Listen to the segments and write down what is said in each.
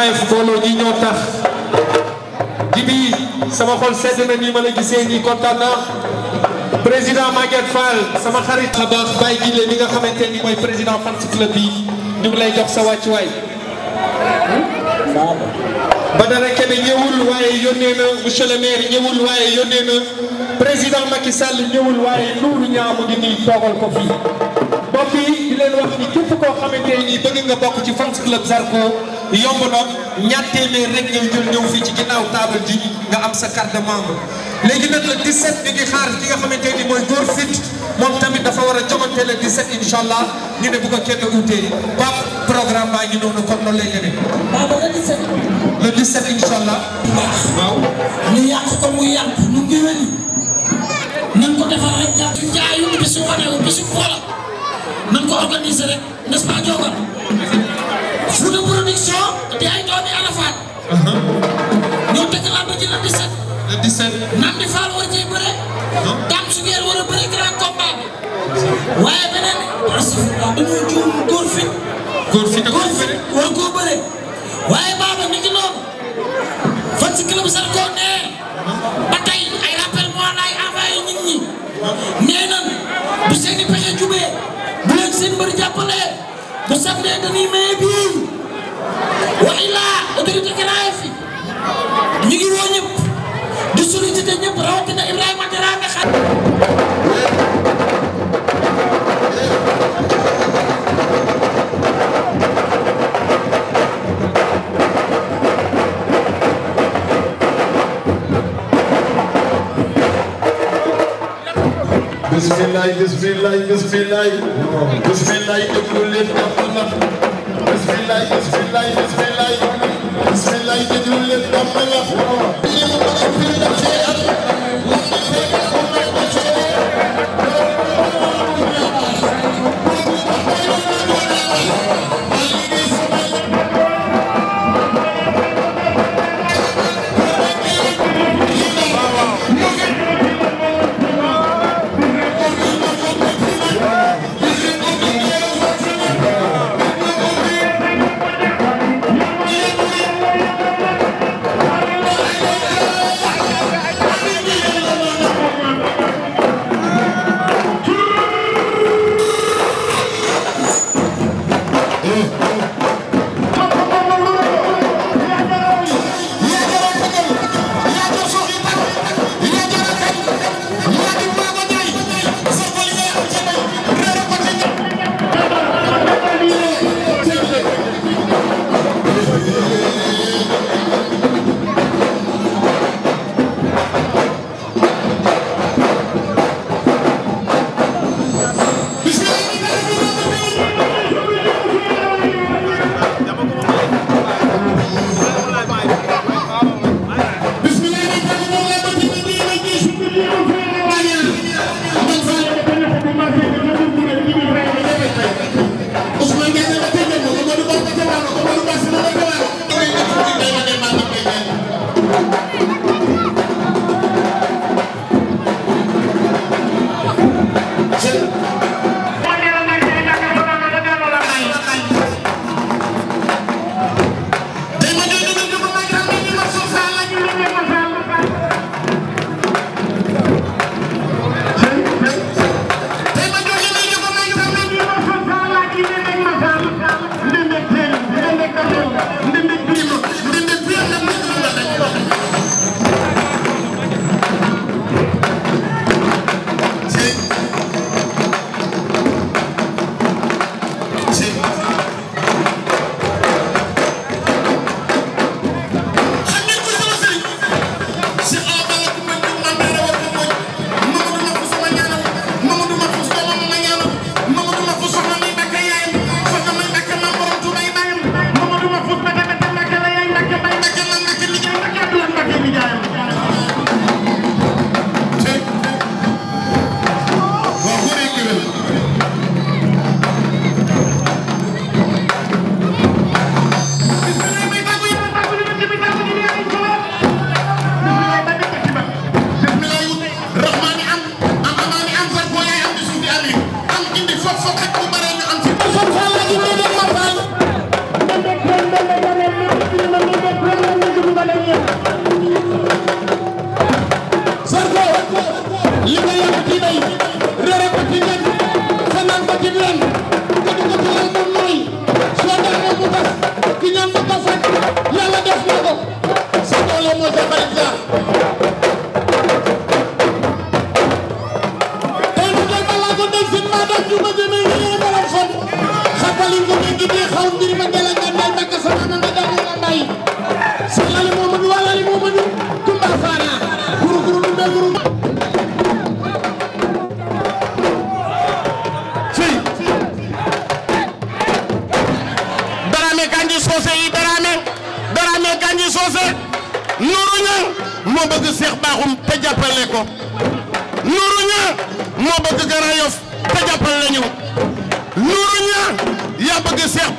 live mbooloo ñi ñoo tax jibi sama xol sedd na nii kontaan naa président Maguette Fall sama a baax Baye Guilé mi nga xamante ni mooy président fan club lay jox sa wàccuwaay Badara Kébé ñëwul waaye yónnee na monsieur le maire waaye yónnee na président Macky waaye Nourou Niang mu ngi nii toogal bopp yi di leen wax ni képp koo xamante ni bëgg nga bokk ci fans club Zarko yomb na ñaar téeméer rek ngay jël ñëw fii ci ginnaaw table ji nga am sa carte de membre. léegi nag le 17 mi ngi xaar ki nga xamante ni mooy góor fit moom tamit dafa war a jogante le 17 incha allah ñu ne bu ko kenn uutee PAM programme baa ngi noonu kon noonu lay demee. waaw ba le 17. le 17 incha allah. waaw. ñu yàq ko mu yàq mu gëwëli. nañ ko defar rek jàpp. jaayu bisu wane bisu xoolam. nan ko organiser rek n'est-ce pas Ndiobal Fouta production di ay doomi Arafat uh-huh. ñoo tëgg làmb ji le 17 le 17 nam di Fall war cee bëre dam su ngeen war a bëre grand combat bi waaye beneen parce que euh, dañoo juum góor fit góor fit góor fit war góor ne dañuy maye biir wa illaa autorité Grand fi ñu ngi woo ñëpp di solliciter ñëpp rawatina Ibrahima Dara nga xam bismillah bismillah bismillah bismillah déglu leen kàttan la bismillah bismillah bismillah bismillah déglu leen kàttan la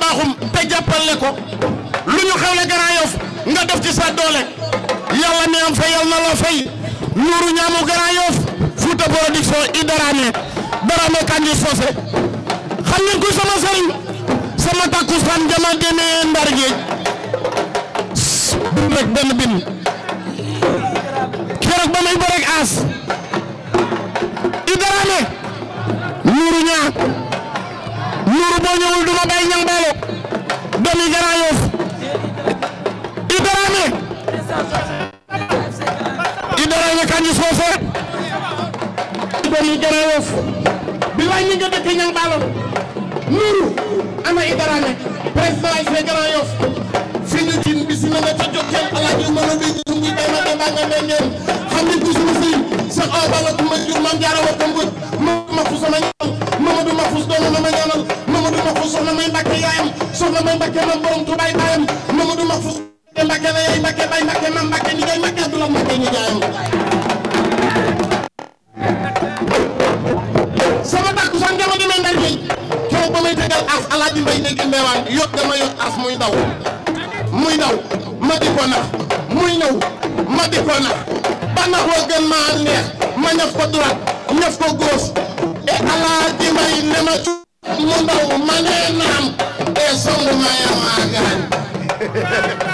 baaxum te jàppale ko lu ñu xewle Grand Yoff nga def ci sa doole yàlla mi am fay yàlla na la nuuru ñaamu Grand Yoff Fouta production Idarame Darame Kandji Socé xam ngeen sama sëriñ sama takkusaan jama génnee ndar géej bin rek benn bin keroog ba may bërek aas Idarame nuuru ñaa nuuru boo ñëwul duma bay ñang Aly Niang Ballo Nourou ana Idara nekk président ASC Grand Yoff fii ñu jin bi si na nga ca jokkeel alaaji mënu bi ñu ngi day ma dem ba nga mel ngeen xam ni ku suñu sëy sax aw bala ku ma jur maam jaara war ko ma fu sama ñaan Mamadou ma ñaanal soxna may Mbàkke yaayam soxna may Mbàkke mam borom Tuubaa baayam Mamadou Mahfous Mbàkke na yaay Mbàkke bay Mbàkke mam Mbàkke ni ngay Mbàkke du la Mbàkke ni jaayam tegal as alaaji mbay léegi meewaan yot dama yot as muy ndaw muy ndaw ma di ko nax muy ñëw ma di ko nax ba nax wa gën neex ma ñëf ko droite ñëf ko gauche e alaaji mbay ne ma mu ndaw ma nee naam e songu ma yaa